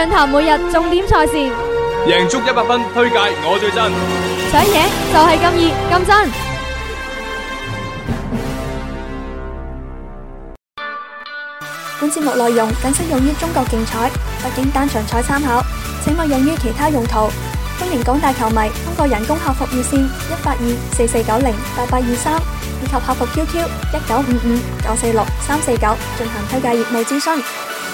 暢談每日重點賽事，贏足一百 FUN 推介我最真。想贏就係咁易咁真。本節目內容僅適用於中國競彩，畢竟單場彩參考，請勿用於其他用途。歡迎廣大球迷通過人工客服熱線一八二四四九零八八二三以及客服 QQ 一九五五九四六三四九進行推介業務諮詢。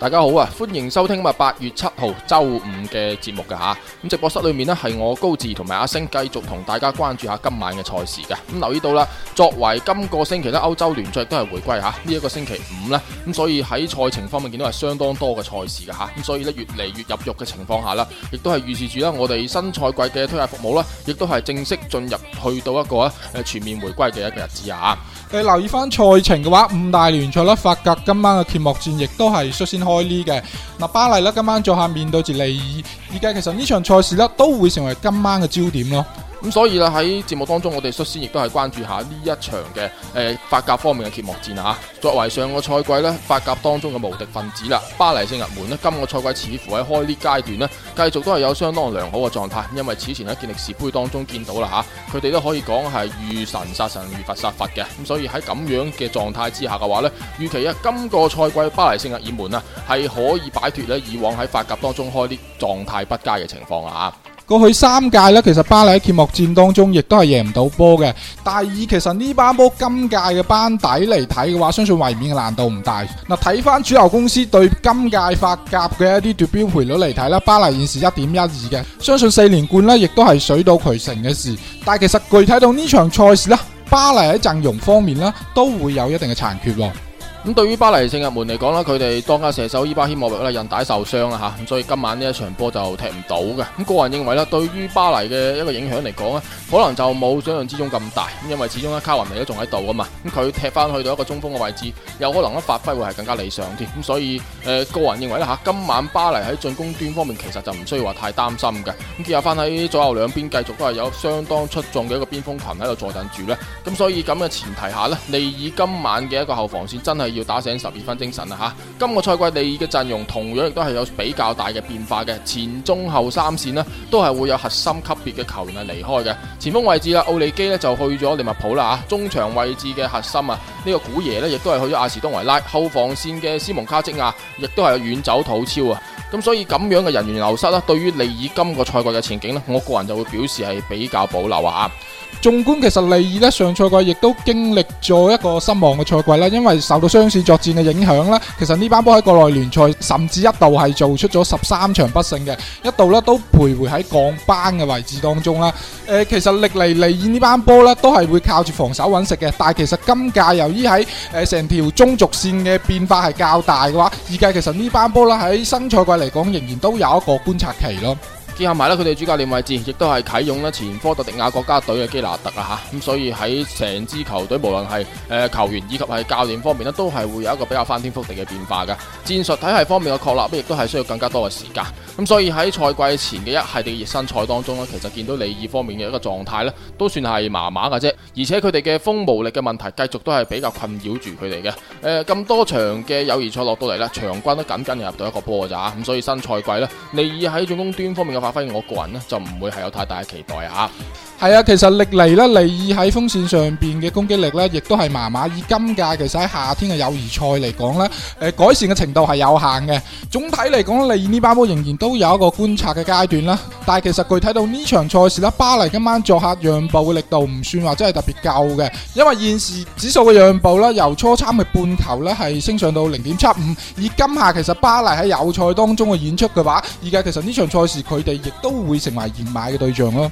大家好啊，歡迎收聽嘛，八月七號周五嘅節目嘅吓，咁直播室裏面呢，係我高志同埋阿星繼續同大家關注一下今晚嘅賽事嘅，咁留意到啦，作為今個星期咧歐洲聯賽都係回歸吓，呢、這、一個星期五咧，咁所以喺賽程方面見到係相當多嘅賽事嘅吓，咁所以咧越嚟越入肉嘅情況下啦，亦都係預示住啦我哋新賽季嘅推介服務啦，亦都係正式進入去到一個啊全面回歸嘅一個日子啊，誒留意翻賽程嘅話，五大聯賽啦，法甲今晚嘅揭幕戰亦都係率先嘅嗱，巴黎咧今晚做客面對住利爾，而家其實呢場賽事咧都會成為今晚嘅焦點咯。咁所以啦，喺節目當中，我哋率先亦都係關注下呢一場嘅誒、呃、法甲方面嘅揭幕戰吓、啊，作為上個賽季呢，法甲當中嘅無敵分子啦，巴黎聖日門呢今個賽季似乎喺開呢階段呢繼續都係有相當良好嘅狀態，因為此前喺健力士杯當中見到啦吓、啊，佢哋都可以講係遇神殺神，遇佛殺佛嘅。咁所以喺咁樣嘅狀態之下嘅話呢預期啊今個賽季巴黎聖日耳門啊係可以擺脫咧以往喺法甲當中開啲狀態不佳嘅情況啦、啊。過去三屆咧，其實巴黎喺揭幕戰當中亦都係贏唔到波嘅。但係以其實呢班波今屆嘅班底嚟睇嘅話，相信衛冕嘅難度唔大。嗱，睇翻主流公司對今屆法甲嘅一啲奪標賠率嚟睇咧，巴黎現時一點一二嘅，相信四連冠呢亦都係水到渠成嘅事。但係其實具體到呢場賽事咧，巴黎喺陣容方面咧都會有一定嘅殘缺咯。咁對於巴黎聖日門嚟講啦，佢哋當家射手伊巴希莫域啦，韌帶受傷啦吓，咁所以今晚呢一場波就踢唔到嘅。咁個人認為呢，對於巴黎嘅一個影響嚟講呢，可能就冇想象之中咁大，因為始終卡雲尼都仲喺度啊嘛，咁佢踢翻去到一個中鋒嘅位置，有可能發揮會係更加理想添。咁所以誒、呃，個人認為呢吓，今晚巴黎喺進攻端方面其實就唔需要話太擔心嘅。咁接下翻喺左右兩邊繼續都係有相當出眾嘅一個邊鋒群喺度坐等住呢，咁所以咁嘅前提下咧，利爾今晚嘅一個後防線真係。要打醒十二分精神啦吓，啊！今個賽季利爾嘅陣容同樣亦都係有比較大嘅變化嘅，前中後三線呢都係會有核心級別嘅球員係離開嘅。前鋒位置啊奧利基咧就去咗利物浦啦吓，啊。中場位置嘅核心啊，呢個古爺咧亦都係去咗阿士東維拉。後防線嘅斯蒙卡積亞亦都係遠走土超啊。咁所以咁樣嘅人員流失啦，對於利爾今個賽季嘅前景咧，我個人就會表示係比較保留啊。啊，縱觀其實利爾咧上賽季亦都經歷咗一個失望嘅賽季啦，因為受到傷。雙線作戰嘅影響咧，其實呢班波喺國內聯賽甚至一度係做出咗十三場不勝嘅，一度呢都徘徊喺降班嘅位置當中啦。誒、呃，其實歷嚟嚟演呢班波呢都係會靠住防守揾食嘅，但係其實今屆由於喺誒成條中軸線嘅變化係較大嘅話，而計其實呢班波呢喺新賽季嚟講，仍然都有一個觀察期咯。結合埋啦，佢哋主教練位置亦都係啟用咧前科特迪亞國家隊嘅基納特啊吓，咁所以喺成支球隊無論係誒球員以及係教練方面咧，都係會有一個比較翻天覆地嘅變化嘅。戰術體系方面嘅確立亦都係需要更加多嘅時間。咁所以喺賽季前嘅一系列嘅熱身賽當中咧，其實見到利爾方面嘅一個狀態咧，都算係麻麻嘅啫。而且佢哋嘅鋒無力嘅問題繼續都係比較困擾住佢哋嘅。誒、呃，咁多場嘅友誼賽落到嚟咧，場均都僅僅入到一個波嘅咋，咁所以新賽季咧，利爾喺進攻端方面嘅發反正我個人咧就唔會係有太大嘅期待嚇、啊。係啊，其實歷嚟咧，利爾喺鋒綫上邊嘅攻擊力咧，亦都係麻麻。以今屆其實喺夏天嘅友誼賽嚟講咧，誒、呃、改善嘅程度係有限嘅。總體嚟講，利爾呢班波仍然都有一個觀察嘅階段啦。但係其實具體到呢場賽事咧，巴黎今晚作客讓步嘅力度唔算話真係特別夠嘅，因為現時指數嘅讓步咧，由初參嘅半球咧係升上到零點七五。以今下其實巴黎喺友賽當中嘅演出嘅話，而家其實呢場賽事佢哋亦都會成為熱買嘅對象啦。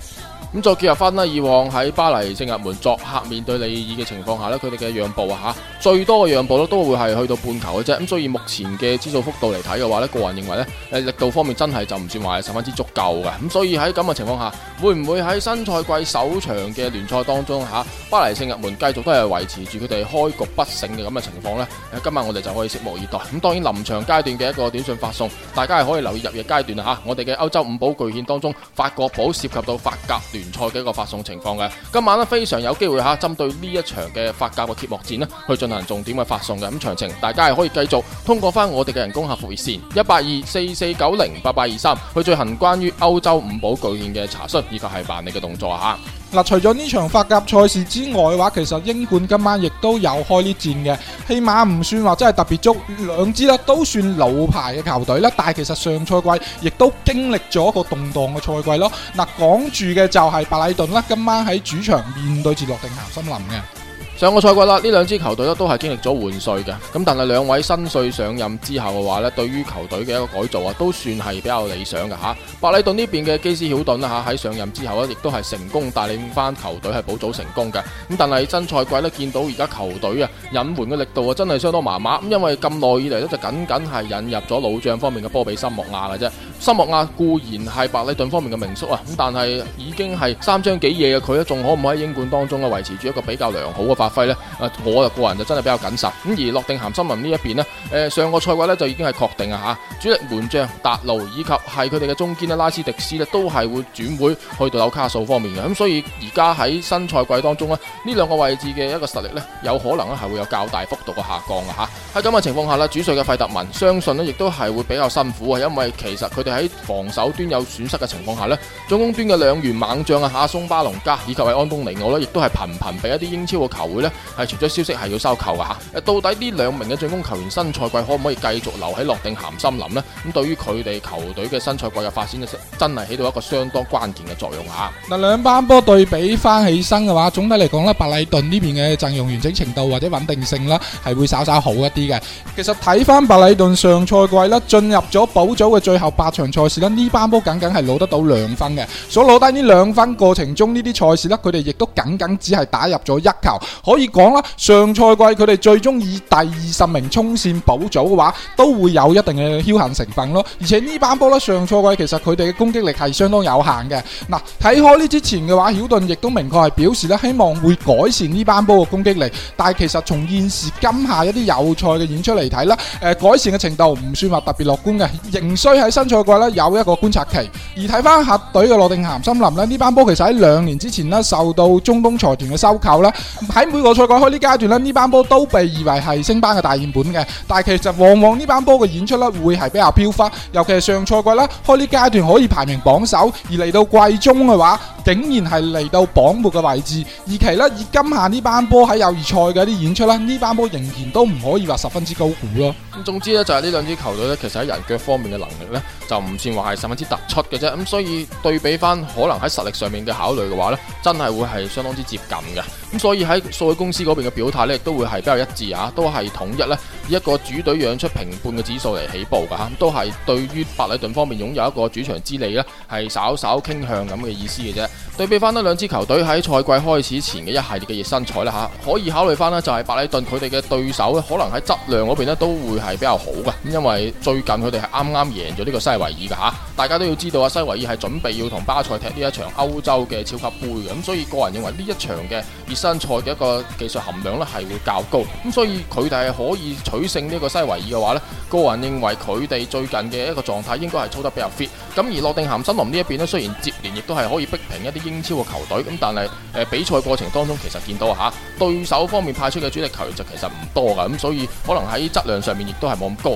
咁再結合翻啦，以往喺巴黎聖日門作客面對利爾嘅情況下呢，佢哋嘅讓步啊嚇，最多嘅讓步呢都會係去到半球嘅啫。咁所以目前嘅指數幅度嚟睇嘅話呢，個人認為呢，力度方面真係就唔算話係十分之足夠嘅。咁所以喺咁嘅情況下，會唔會喺新賽季首場嘅聯賽當中嚇，巴黎聖日門繼續都係維持住佢哋開局不勝嘅咁嘅情況呢？今日我哋就可以拭目以待。咁當然臨場階段嘅一個短信發送，大家係可以留意入夜階段啊，我哋嘅歐洲五寶巨獻當中，法國寶涉及到法甲。聯賽嘅一個發送情況嘅，今晚呢，非常有機會吓，針對呢一場嘅法甲嘅揭幕戰呢去進行重點嘅發送嘅。咁詳情大家係可以繼續通過翻我哋嘅人工客服熱線一八二四四九零八八二三去進行關於歐洲五寶巨獻嘅查詢以及係辦理嘅動作吓。嗱，除咗呢場法甲賽事之外嘅話，其實英冠今晚亦都有開呢戰嘅，起碼唔算話真係特別足，兩支啦都算老牌嘅球隊啦，但係其實上賽季亦都經歷咗一個動盪嘅賽季咯。嗱，講住嘅就係白禮頓啦，今晚喺主場面對住諾定咸森林嘅。上個賽季啦，呢兩支球隊咧都係經歷咗換帥嘅，咁但係兩位新帥上任之後嘅話呢，對於球隊嘅一個改造啊，都算係比較理想嘅吓。白里頓呢邊嘅基斯曉頓吓，喺上任之後呢，亦都係成功帶領翻球隊係補組成功嘅。咁但係新賽季呢，見到而家球隊啊，引援嘅力度啊，真係相當麻麻。咁因為咁耐以嚟呢，就僅僅係引入咗老將方面嘅波比森莫亞嘅啫。森莫亞固然係白里頓方面嘅名宿啊，咁但係已經係三張幾嘢嘅佢咧，仲可唔可以喺英冠當中啊維持住一個比較良好嘅發？費咧，誒、啊，我就個人就真係比較謹慎。咁而諾定咸森林呢一邊咧，誒、呃，上個賽季咧就已經係確定啊，吓主力門將達奴以及係佢哋嘅中堅咧拉斯迪斯呢，都係會轉會去到紐卡素方面嘅。咁所以而家喺新賽季當中呢，呢兩個位置嘅一個實力呢，有可能咧係會有較大幅度嘅下降啊，吓。喺咁嘅情況下啦，主帥嘅費特文相信咧，亦都係會比較辛苦啊，因為其實佢哋喺防守端有損失嘅情況下咧，進攻端嘅兩員猛將啊，阿松巴隆加以及係安東尼奧咧，亦都係頻頻俾一啲英超嘅球會呢係傳出消息係要收購嘅嚇。到底呢兩名嘅進攻球員新賽季可唔可以繼續留喺落定咸森林呢？咁對於佢哋球隊嘅新賽季嘅發展真係起到一個相當關鍵嘅作用嚇。嗱，兩班波對比翻起身嘅話，總體嚟講呢，白禮頓呢邊嘅陣容完整程度或者穩定性啦，係會稍稍好一嘅，其實睇翻白禮頓上賽季啦，進入咗保組嘅最後八場賽事啦，呢班波僅僅係攞得到兩分嘅，所攞低呢兩分過程中呢啲賽事呢，佢哋亦都僅僅只係打入咗一球，可以講啦，上賽季佢哋最終以第二十名衝線保組嘅話，都會有一定嘅僥倖成分咯，而且這班呢班波呢，上賽季其實佢哋嘅攻擊力係相當有限嘅，嗱、啊，睇開呢之前嘅話，曉頓亦都明確係表示呢，希望會改善呢班波嘅攻擊力，但係其實從現時今下一啲有嘅演出嚟睇啦，誒、呃、改善嘅程度唔算話特別樂觀嘅，仍需喺新賽季咧有一個觀察期。而睇翻客隊嘅諾定咸森林咧，呢班波其實喺兩年之前咧受到中東財團嘅收購啦。喺每個賽季開呢階段咧，呢班波都被以為係升班嘅大熱門嘅，但係其實往往呢班波嘅演出咧會係比較飄忽，尤其係上賽季咧開呢階段可以排名榜首，而嚟到季中嘅話，竟然係嚟到榜末嘅位置。而其咧以今下呢班波喺友誼賽嘅一啲演出啦，呢班波仍然都唔可以話。十分之高估咯。咁總之咧，就係呢兩支球隊咧，其實喺人腳方面嘅能力咧，就唔算話係十分之突出嘅啫。咁所以對比翻，可能喺實力上面嘅考慮嘅話咧，真係會係相當之接近嘅。咁所以喺數據公司嗰邊嘅表態咧，都會係比較一致啊，都係統一咧，以一個主隊讓出平半嘅指數嚟起步噶吓、啊，都係對於白禮頓方面擁有一個主場之利咧，係稍稍傾向咁嘅意思嘅啫。對比翻啦兩支球隊喺賽季開始前嘅一系列嘅熱身賽啦吓，可以考慮翻咧，就係白禮頓佢哋嘅對手咧，可能喺質量嗰邊咧都會係比較好嘅。咁因為最近佢哋係啱啱贏咗呢個西維爾嘅吓，大家都要知道啊，西維爾係準備要同巴塞踢呢一場歐洲嘅超級杯嘅，咁所以個人認為呢一場嘅新賽嘅一個技術含量咧係會較高，咁所以佢哋係可以取勝呢個西維爾嘅話呢，個人認為佢哋最近嘅一個狀態應該係操得比較 fit，咁而諾定咸森林呢一邊咧，雖然接連亦都係可以逼平一啲英超嘅球隊，咁但係誒、呃、比賽過程當中其實見到吓、啊、對手方面派出嘅主力球員就其實唔多噶。咁所以可能喺質量上面亦都係冇咁高。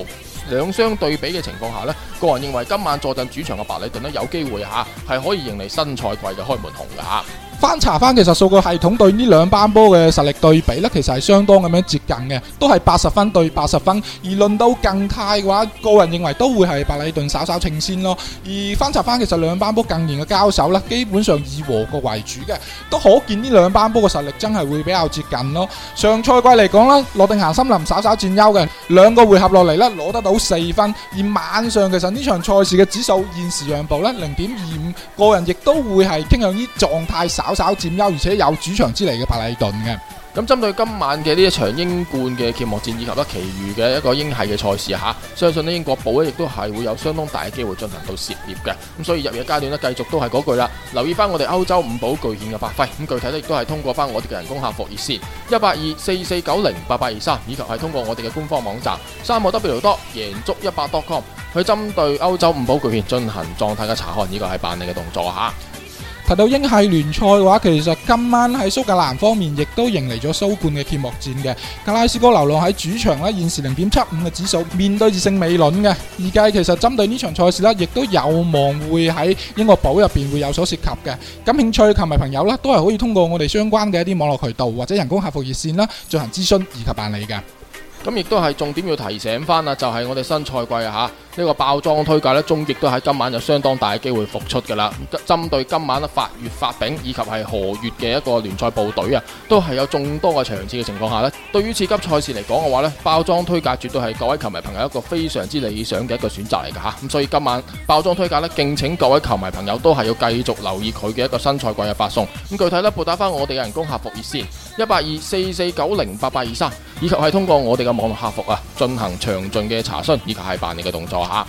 兩相對比嘅情況下呢，個人認為今晚坐鎮主場嘅白里頓呢，有機會吓係、啊、可以迎嚟新賽季嘅開門紅噶吓。啊翻查返，其實數據系統對呢兩班波嘅實力對比咧，其實係相當咁樣接近嘅，都係八十分對八十分。而論到近態嘅話，個人認為都會係白禮頓稍稍稱先咯。而翻查返，其實兩班波近年嘅交手啦，基本上以和局為主嘅，都可見呢兩班波嘅實力真係會比較接近咯。上賽季嚟講啦，諾定咸森林稍稍佔優嘅，兩個回合落嚟咧攞得到四分。而晚上其實呢場賽事嘅指數現時讓步咧零點二五，個人亦都會係傾向於狀態稍稍佔優，而且有主場之利嘅白禮頓嘅。咁針對今晚嘅呢一場英冠嘅揭幕戰，以及呢其餘嘅一個英系嘅賽事嚇，相信呢英國寶呢亦都係會有相當大嘅機會進行到涉獵嘅。咁所以入夜階段呢，繼續都係嗰句啦，留意翻我哋歐洲五寶巨獻嘅發揮。咁具體呢，亦都係通過翻我哋嘅人工客服熱線一八二四四九零八八二三，4 4 23，以及係通過我哋嘅官方網站三個 W 多贏足一百 .com 去針對歐洲五寶巨獻進行狀態嘅查看，呢個係辦理嘅動作嚇。提到英系聯賽嘅話，其實今晚喺蘇格蘭方面亦都迎嚟咗蘇冠嘅揭幕戰嘅格拉斯哥流浪喺主場咧，現時零點七五嘅指數面對住聖美倫嘅二季，而其實針對呢場賽事咧，亦都有望會喺英國寶入邊會有所涉及嘅。感興趣球迷朋友啦，都係可以通過我哋相關嘅一啲網絡渠道或者人工客服熱線啦，進行諮詢以及辦理嘅。咁亦都係重點要提醒翻啦，就係我哋新賽季啊吓呢個爆莊推介呢，終極都喺今晚就相當大嘅機會復出噶啦。針對今晚呢，法乙、法丙以及係荷乙嘅一個聯賽部隊啊，都係有眾多嘅場次嘅情況下呢。對於次級賽事嚟講嘅話呢，爆莊推介絕對係各位球迷朋友一個非常之理想嘅一個選擇嚟噶吓。咁所以今晚爆莊推介呢，敬請各位球迷朋友都係要繼續留意佢嘅一個新賽季嘅發送。咁具體呢，撥打翻我哋嘅人工客服熱線。一八二四四九零八八二三，23，以及係通過我哋嘅網絡客服啊，進行詳盡嘅查詢，以及係辦理嘅動作吓。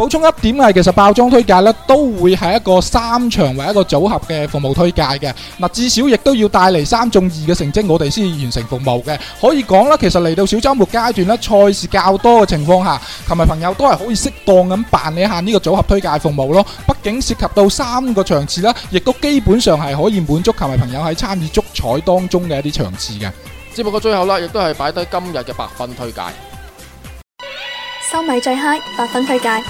補充一點係，其實爆莊推介咧都會係一個三場為一個組合嘅服務推介嘅。嗱，至少亦都要帶嚟三中二嘅成績，我哋先完成服務嘅。可以講啦，其實嚟到小周末階段咧，賽事較多嘅情況下，球迷朋友都係可以適當咁辦理下呢個組合推介服務咯。畢竟涉及到三個場次啦，亦都基本上係可以滿足球迷朋友喺參與足彩當中嘅一啲場次嘅。只不過最後啦，亦都係擺低今日嘅百分推介，收米最 high 百分推介。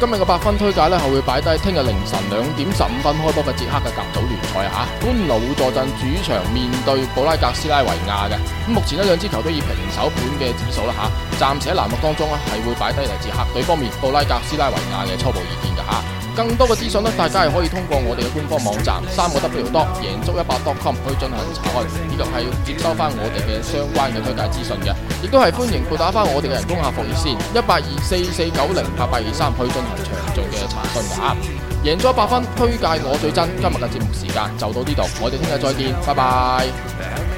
今日嘅爆莊推介呢，係會擺低聽日凌晨兩點十五分開波嘅捷克嘅甲組聯賽啊，哈，安坐鎮主場面對布拉格斯拉維亞嘅。咁目前呢兩支球隊以平手盤嘅指數啦，吓，暫時喺欄目當中咧係會擺低嚟自客隊方面布拉格斯拉維亞嘅初步意見噶，吓。更多嘅資訊呢，大家係可以通過我哋嘅官方網站三個 W 多贏足一百 .com 去進行查看，以及係接收翻我哋嘅相關嘅推介資訊嘅。亦都係歡迎撥打翻我哋嘅人工客服熱線一八二四四九零八八二三去進行詳盡嘅查詢。贏足 100FUN，推介我最真。今日嘅節目時間就到呢度，我哋聽日再見，拜拜。